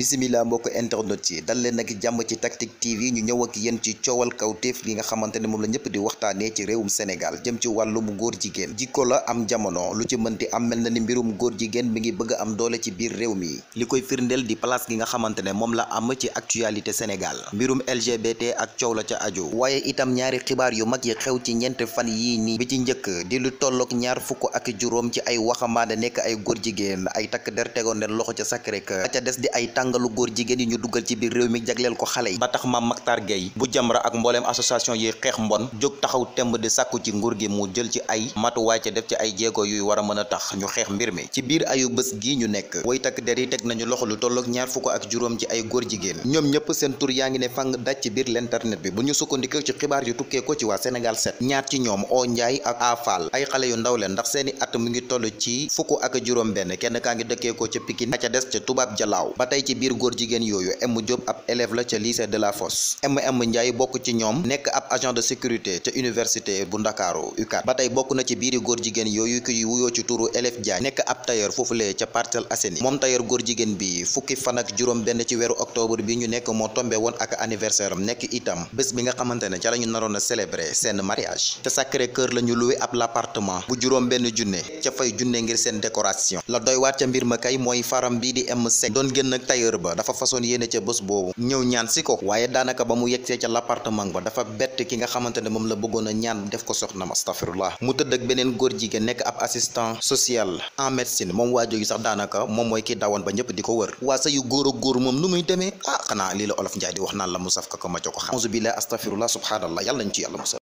bisimila mbokk internet yi dal leen jàmm ci Tactic TV ñu ñëw ak yéen ci coowal kawteef li nga xamante ne moom la ñëpp di waxtaanee ci réewum Sénégal jëm ci wàllum góor jigéen jikko la am jamono lu ci mënti am mel na ni mbirum góor jigéen mi ngi bëgg am doole ci biir réew mi li koy firndeel di place gi nga xamante ne moom la am ci actualité Sénégal mbirum LGBT ak coow la ca aju waaye itam ñaari xibaar yu mag yi xew ci ñeent fan yi nii bi ci njëkk di lu tolloog ñaar fukk ak juróom ci ay waxambaane nekk ay góor jigéen ay takk der jàngalu góor jigéen yi ñu duggal ci biir réew mi jagleel ko xale yi ba tax Mame Mactar Gueye bu Jamra ak mbooleem association yi xeex mbon jóg taxaw temb di sàkku ci nguur gi mu jël ci ay matuwaay ca def ci ay jéego yuy war a mën a tax ñu xeex mbir mi ci biir ayu bés gii ñu nekk woy takk der yi teg nañu loxo lu tolloog ñaar fukk ak juróom ci ay góor jigéen ñoom ñëpp seen tur yaa ngi ne fang daj ci biir l'internet bi bu ñu sukkandikoo ci xibaar yu tukkee ko ci waa Sénégal 7 ñaar ci ñoom oo Njaay ak Afal ay xale yu ndaw leen ndax seeni at mu ngi toll ci fukk ak juróom benn kenn kaa ngi dëkkee ko ca Pikine ca des ca Tubaab Jalaaw biir góor jigéen yooyu M Diop ab élève la ca lycée de la Fosse MM Ndiaye bokk ci ñoom nekk ab agent de sécurité ca université bu Ndakaaru UCAD ba tey bokk na ci biiri góor jigéen yooyu ki wuyoo ci turu élève Diagne nekk ab tailleur foofulee ca Parcelles Assainies moom tailleur góor jigéen bi fukki fan ak juróom benn ci weeru octobre bi ñu nekk moo tombé woon ak anniversaire am nekk itam bés bi nga xamante ne ca la ñu naroon a célébrer seen mariage ca Sacré-Cœur la ñu loué ab l'appartement bu juróom benn junne ca fay junne ngir seen décoration leader ba dafa façon yéene ca bés boobu ñëw ñaan si ko waaye daanaka ba mu yegsee ca l'appartement ba dafa bett ki nga xamante ne moom la bëggoon a ñaan def ko soxnam astafirullah mu tëdd ak beneen góor jigéen nekk ab assistant social en médecine moom waa jooju sax daanaka moom mooy ki dawoon ba ñëpp di ko wër waa sa yu góor a góor moom nu muy demee ah xanaa lii la olof njaay di wax naan la mu saf ka ko ma co xam auzu billah astafirullah subhaanallah